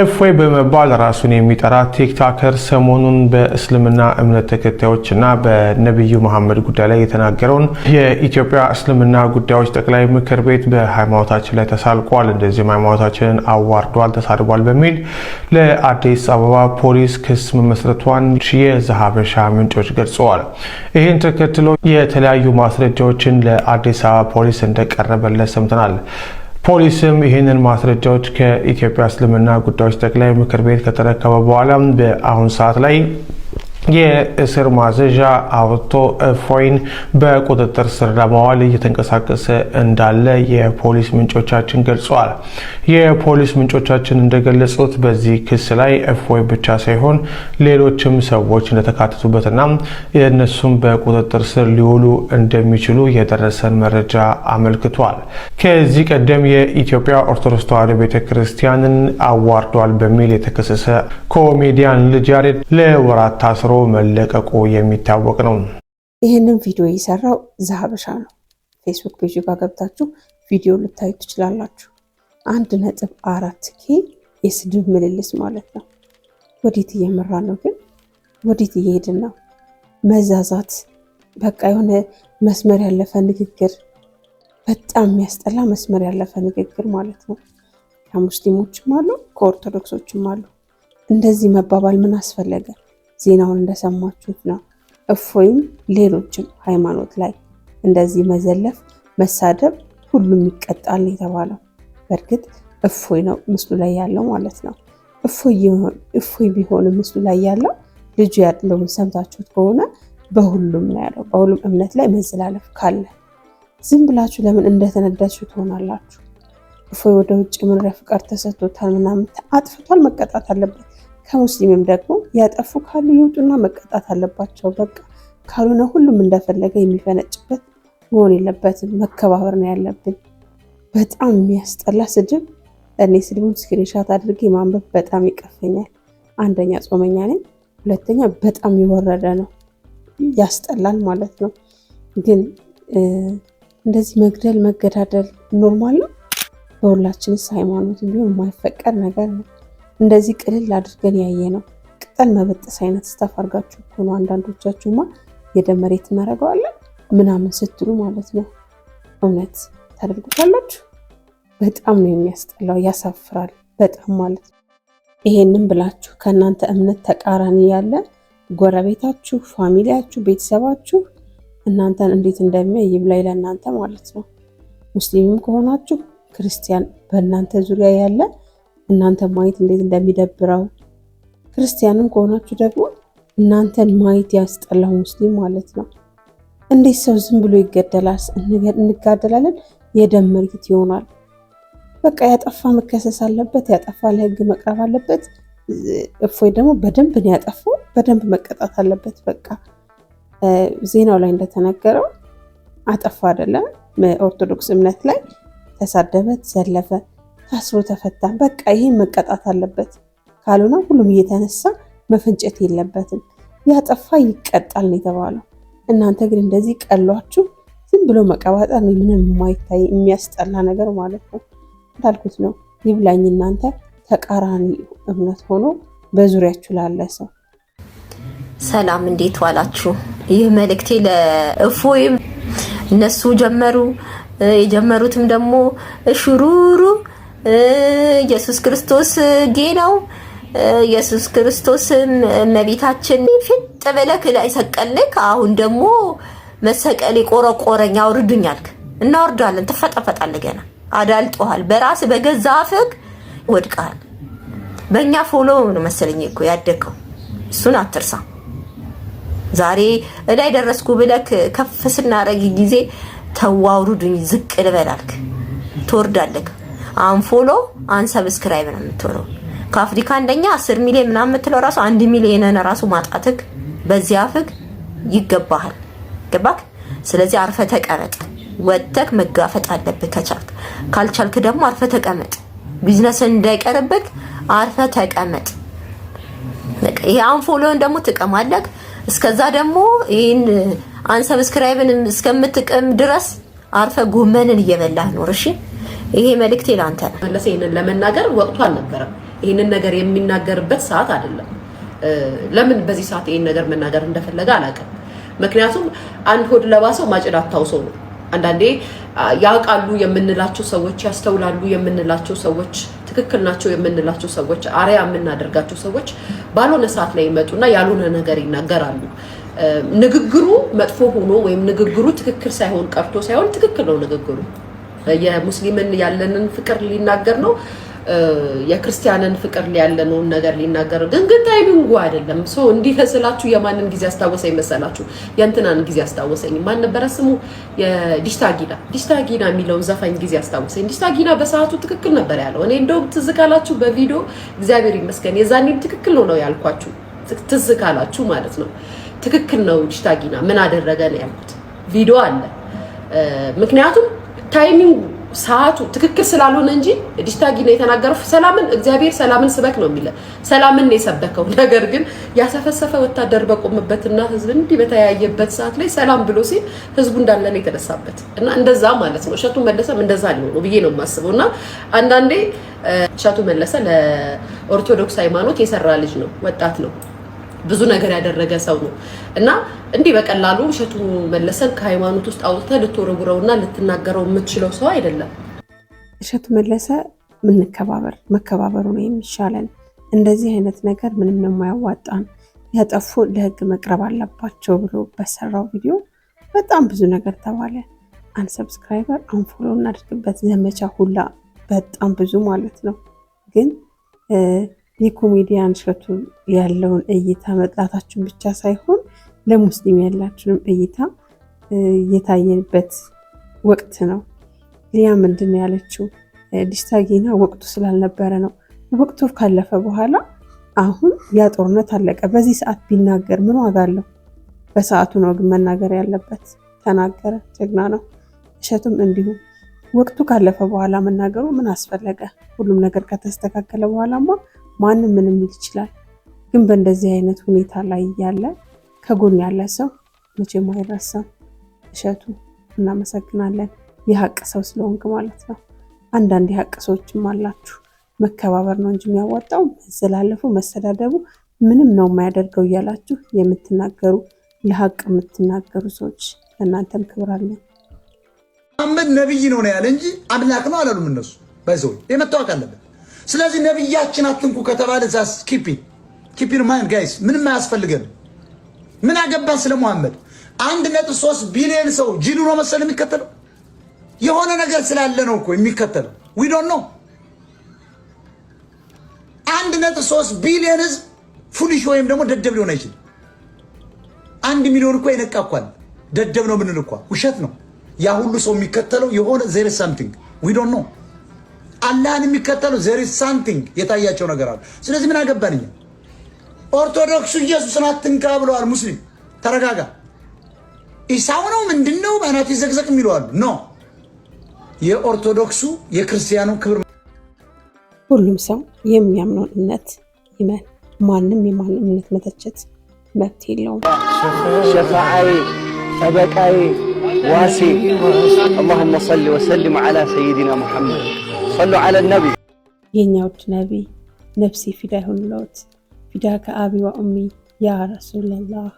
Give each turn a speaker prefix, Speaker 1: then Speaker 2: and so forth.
Speaker 1: እፎይ በመባል ራሱን የሚጠራ ቲክቶከር ሰሞኑን በእስልምና እምነት ተከታዮች እና በነቢዩ መሐመድ ጉዳይ ላይ የተናገረውን የኢትዮጵያ እስልምና ጉዳዮች ጠቅላይ ምክር ቤት በሃይማኖታችን ላይ ተሳልቋል፣ እንደዚህም ሃይማኖታችንን አዋርዷል፣ ተሳድቧል በሚል ለአዲስ አበባ ፖሊስ ክስ መመስረቷን የዘሀበሻ ምንጮች ገልጸዋል። ይህን ተከትሎ የተለያዩ ማስረጃዎችን ለአዲስ አበባ ፖሊስ እንደቀረበለት ሰምተናል። ፖሊስም ይህንን ማስረጃዎች ከኢትዮጵያ እስልምና ጉዳዮች ጠቅላይ ምክር ቤት ከተረከበ በኋላ በአሁን ሰዓት ላይ የእስር ማዘዣ አውጥቶ እፎይን በቁጥጥር ስር ለማዋል እየተንቀሳቀሰ እንዳለ የፖሊስ ምንጮቻችን ገልጸዋል። የፖሊስ ምንጮቻችን እንደገለጹት በዚህ ክስ ላይ እፎይ ብቻ ሳይሆን ሌሎችም ሰዎች እንደተካተቱበትና እነሱም በቁጥጥር ስር ሊውሉ እንደሚችሉ የደረሰን መረጃ አመልክቷል። ከዚህ ቀደም የኢትዮጵያ ኦርቶዶክስ ተዋሕዶ ቤተ ክርስቲያንን አዋርዷል በሚል የተከሰሰ ኮሜዲያን ልጅ ያሬድ ለወራት ታስሮ መለቀቁ የሚታወቅ ነው።
Speaker 2: ይህንን ቪዲዮ የሰራው ዘሀበሻ ነው። ፌስቡክ ፔጅ ጋር ገብታችሁ ቪዲዮ ልታዩ ትችላላችሁ። አንድ ነጥብ አራት ኬ የስድብ ምልልስ ማለት ነው። ወዴት እየመራ ነው ግን? ወዴት እየሄድን ነው? መዛዛት፣ በቃ የሆነ መስመር ያለፈ ንግግር በጣም የሚያስጠላ መስመር ያለፈ ንግግር ማለት ነው። ከሙስሊሞችም አሉ ከኦርቶዶክሶችም አሉ። እንደዚህ መባባል ምን አስፈለገ? ዜናውን እንደሰማችሁት ነው። እፎይም ሌሎችም ሃይማኖት ላይ እንደዚህ መዘለፍ፣ መሳደብ ሁሉም ይቀጣል የተባለው በእርግጥ እፎይ ነው ምስሉ ላይ ያለው ማለት ነው። እፎይ ቢሆን ምስሉ ላይ ያለው ልጁ ያለውን ሰምታችሁት ከሆነ በሁሉም ነው ያለው። በሁሉም እምነት ላይ መዘላለፍ ካለ ዝም ብላችሁ ለምን እንደተነዳችሁ ትሆናላችሁ? እፎይ ወደ ውጭ መኖሪያ ፍቃድ ተሰጥቶታል ምናምን አጥፍቷል፣ መቀጣት አለበት። ከሙስሊምም ደግሞ ያጠፉ ካሉ ይውጡና መቀጣት አለባቸው። በቃ ካልሆነ ሁሉም እንደፈለገ የሚፈነጭበት መሆን የለበትም። መከባበር ነው ያለብን። በጣም የሚያስጠላ ስድብ። እኔ ስድቡን ስክሪንሻት አድርጌ ማንበብ በጣም ይቀፈኛል። አንደኛ ጾመኛ ነኝ፣ ሁለተኛ በጣም የወረደ ነው፣ ያስጠላል ማለት ነው ግን እንደዚህ መግደል መገዳደል ኖርማል ነው። በሁላችንስ ሃይማኖት ቢሆን የማይፈቀድ ነገር ነው። እንደዚህ ቅልል አድርገን ያየ ነው። ቅጠል መበጠስ አይነት ስታፋርጋችሁ አድርጋችሁ ከሆኑ አንዳንዶቻችሁማ የደም መሬት እናደርገዋለን ምናምን ስትሉ ማለት ነው። እውነት ታደርጉታላችሁ። በጣም ነው የሚያስጠላው፣ ያሳፍራል በጣም ማለት ነው። ይሄንም ብላችሁ ከእናንተ እምነት ተቃራኒ ያለ ጎረቤታችሁ፣ ፋሚሊያችሁ፣ ቤተሰባችሁ እናንተን እንዴት እንደሚያይ ይብላኝ ለእናንተ ማለት ነው። ሙስሊምም ከሆናችሁ ክርስቲያን በእናንተ ዙሪያ ያለ እናንተ ማየት እንዴት እንደሚደብረው፣ ክርስቲያንም ከሆናችሁ ደግሞ እናንተን ማየት ያስጠላው ሙስሊም ማለት ነው። እንዴት ሰው ዝም ብሎ ይገደላል? እንጋደላለን፣ የደም መሬት ይሆናል። በቃ ያጠፋ መከሰስ አለበት፣ ያጠፋ ለህግ መቅረብ አለበት። እፎይ ደግሞ በደንብ ነው ያጠፋው፣ በደንብ መቀጣት አለበት። በቃ ዜናው ላይ እንደተነገረው አጠፋ አይደለም ኦርቶዶክስ እምነት ላይ ተሳደበ፣ ተዘለፈ፣ ታስሮ ተፈታ። በቃ ይሄን መቀጣት አለበት። ካልሆነ ሁሉም እየተነሳ መፈንጨት የለበትም። ያጠፋ ይቀጣል ነው የተባለው። እናንተ ግን እንደዚህ ቀሏችሁ ዝም ብሎ መቀባጠር ነው። ምንም የማይታይ የሚያስጠላ ነገር ማለት ነው። እንዳልኩት ነው ይብላኝ። እናንተ ተቃራኒ እምነት ሆኖ በዙሪያችሁ ላለ ሰው
Speaker 3: ሰላም፣ እንዴት ዋላችሁ? ይህ መልእክቴ ለእፎይም እነሱ ጀመሩ። የጀመሩትም ደግሞ ሹሩሩ ኢየሱስ ክርስቶስ ጌ ነው። ኢየሱስ ክርስቶስ እመቤታችን ፊት ብለህ ላይ ሰቀልክ። አሁን ደግሞ መሰቀል ቆረቆረኝ አውርዱኝ አልክ። እናወርዳለን። ትፈጠፈጣለህ። ገና አዳልጦሃል። በራስ በገዛ አፍህ ወድቀሃል። በእኛ ፎሎ ነው መሰለኝ እኮ ያደግከው። እሱን አትርሳ። ዛሬ እላይ ደረስኩ ብለክ ከፍ ስናረግ ጊዜ ተዋውሩዱኝ ዝቅ ልበላልክ ትወርዳለክ። አንፎሎ አንሰብስክራይብ ነው የምትሆነው። ከአፍሪካ አንደኛ አስር ሚሊዮን ምናምን የምትለው ራሱ አንድ ሚሊዮን ራሱ ማጣትክ በዚያ ፍግ ይገባሃል። ገባክ? ስለዚህ አርፈ ተቀመጥ። ወጥተክ መጋፈጥ አለብህ ከቻልክ። ካልቻልክ ደግሞ አርፈ ተቀመጥ። ቢዝነስ እንዳይቀርብክ አርፈ ተቀመጥ። ይሄ አንፎሎን ደግሞ ትቀማለክ። እስከዛ ደግሞ ይህን አንሰብስክራይብን እስከምትቅም ድረስ አርፈ ጎመንን እየበላህ ኖር። እሺ፣ ይሄ መልእክቴ ላንተ
Speaker 4: ነው። መለሰ ይህንን ለመናገር ወቅቱ አልነበረም። ይህንን ነገር የሚናገርበት ሰዓት አይደለም። ለምን በዚህ ሰዓት ይህን ነገር መናገር እንደፈለገ አላውቅም። ምክንያቱም አንድ ሆድ ለባሰው ማጭድ አታውሰው ነው አንዳንዴ ያውቃሉ የምንላቸው ሰዎች፣ ያስተውላሉ የምንላቸው ሰዎች፣ ትክክል ናቸው የምንላቸው ሰዎች፣ አሪያ የምናደርጋቸው ሰዎች ባልሆነ ሰዓት ላይ ይመጡና ያልሆነ ነገር ይናገራሉ። ንግግሩ መጥፎ ሆኖ ወይም ንግግሩ ትክክል ሳይሆን ቀርቶ ሳይሆን ትክክል ነው ንግግሩ የሙስሊምን ያለንን ፍቅር ሊናገር ነው የክርስቲያንን ፍቅር ያለነውን ነገር ሊናገር ግን ግን ታይሚንጉ አይደለም። ሶ እንዲህ ስላችሁ የማንን ጊዜ አስታወሰኝ መሰላችሁ? የእንትናን ጊዜ አስታወሰኝ። ማን ነበረ ስሙ? የዲሽታጊና ዲሽታጊና የሚለውን ዘፋኝ ጊዜ አስታወሰኝ። ዲሽታጊና በሰዓቱ ትክክል ነበር ያለው። እኔ እንደውም ትዝ ካላችሁ በቪዲዮ እግዚአብሔር ይመስገን የዛኔም ትክክል ነው ያልኳችሁ። ትዝ ካላችሁ ማለት ነው ትክክል ነው። ዲሽታጊና ምን አደረገ ነው ያልኩት። ቪዲዮ አለ ምክንያቱም ታይሚንጉ ሰዓቱ ትክክል ስላልሆነ እንጂ ዲሽታጊ ነው የተናገረው። ሰላምን እግዚአብሔር ሰላምን ስበክ ነው የሚለ ሰላምን ነው የሰበከው። ነገር ግን ያሰፈሰፈ ወታደር በቆመበትና ህዝብ እንዲህ በተያየበት ሰዓት ላይ ሰላም ብሎ ሲል ህዝቡ እንዳለ ነው የተነሳበት እና እንደዛ ማለት ነው። እሸቱ መለሰም እንደዛ ሊሆነው ብዬ ነው የማስበው። እና አንዳንዴ እሸቱ መለሰ ለኦርቶዶክስ ሃይማኖት የሰራ ልጅ ነው፣ ወጣት ነው። ብዙ ነገር ያደረገ ሰው ነው እና እንዲህ በቀላሉ እሸቱ መለሰን ከሃይማኖት ውስጥ አውጥተህ ልትወረውረውና ልትናገረው የምትችለው ሰው አይደለም።
Speaker 2: እሸቱ መለሰ ምንከባበር መከባበሩ ነው የሚሻለን። እንደዚህ አይነት ነገር ምንም የማያዋጣን ያጠፉ ለህግ መቅረብ አለባቸው ብሎ በሰራው ቪዲዮ በጣም ብዙ ነገር ተባለ። አንሰብስክራይበር አንፎሎ እናድርግበት ዘመቻ ሁላ በጣም ብዙ ማለት ነው ግን የኮሜዲያን እሸቱ ያለውን እይታ መጥላታችን ብቻ ሳይሆን ለሙስሊም ያላችንም እይታ የታየንበት ወቅት ነው። ሊያ ምንድን ያለችው? ዲስታጌና ወቅቱ ስላልነበረ ነው። ወቅቱ ካለፈ በኋላ አሁን ያ ጦርነት አለቀ። በዚህ ሰዓት ቢናገር ምን ዋጋ አለው? በሰዓቱ ነው ግን መናገር ያለበት። ተናገረ፣ ጀግና ነው። እሸቱም እንዲሁም ወቅቱ ካለፈ በኋላ መናገሩ ምን አስፈለገ? ሁሉም ነገር ከተስተካከለ በኋላማ ማንም ምንም ሊል ይችላል። ግን በእንደዚህ አይነት ሁኔታ ላይ ያለ ከጎን ያለ ሰው መቼም አይረሳም። እሸቱ እናመሰግናለን። የሀቅ ሰው ስለሆንክ ማለት ነው። አንዳንድ የሀቅ ሰዎችም አላችሁ። መከባበር ነው እንጂ የሚያዋጣው መዘላለፉ፣ መሰዳደቡ ምንም ነው የማያደርገው እያላችሁ የምትናገሩ ለሀቅ የምትናገሩ ሰዎች ለእናንተም ክብር አለን።
Speaker 5: መሐመድ ነቢይ ነው ነው ያለ እንጂ አምላክ ነው አላሉም እነሱ። ባይዘው የመታወቅ አለበት ስለዚህ ነቢያችን አትንኩ ከተባለ ዛስ ኪፒ ኪፒን ማይንድ ጋይስ፣ ምንም አያስፈልገን። ምን አገባን ስለ መሐመድ? አንድ ነጥብ ሶስት ቢሊዮን ሰው ጂኑ ነው መሰል የሚከተለው የሆነ ነገር ስላለ ነው እኮ የሚከተለው። ዊ ዶንት ኖ አንድ ነጥብ ሶስት ቢሊዮን ህዝብ ፉሊሽ ወይም ደግሞ ደደብ ሊሆን አይችልም። አንድ ሚሊዮን እኮ ይነቃኳል ደደብ ነው ምንል እኳ ውሸት ነው። ያ ሁሉ ሰው የሚከተለው የሆነ ዜር ሳምቲንግ ዊ ዶንት ኖ አላህን የሚከተሉ ዘር ኢዝ ሳምቲንግ የታያቸው ነገር አለ። ስለዚህ ምን አገባንኝ? ኦርቶዶክሱ ኢየሱስን አትንካ ብለዋል። ሙስሊም ተረጋጋ፣ ኢሳው ነው ምንድን ነው በአናቱ ዘቅዘቅ የሚለዋሉ ኖ የኦርቶዶክሱ የክርስቲያኑ ክብር
Speaker 2: ሁሉም ሰው የሚያምነውን እምነት ይመን። ማንም የማንም እምነት መተቸት መብት የለውም።
Speaker 6: ሸፋዓዬ፣ ጠበቃዬ፣ ዋሴ አላሁመ ሰሊ ወሰሊም ዓላ ሰይድና ሙሐመድ ሰሉ ዐለ ነቢይ
Speaker 2: የእኛ ውድ ነቢይ ነፍሴ ፊዳ ይሁንልዎት ፊዳ ከአቢ ወኡሚ ያ ረሱለላህ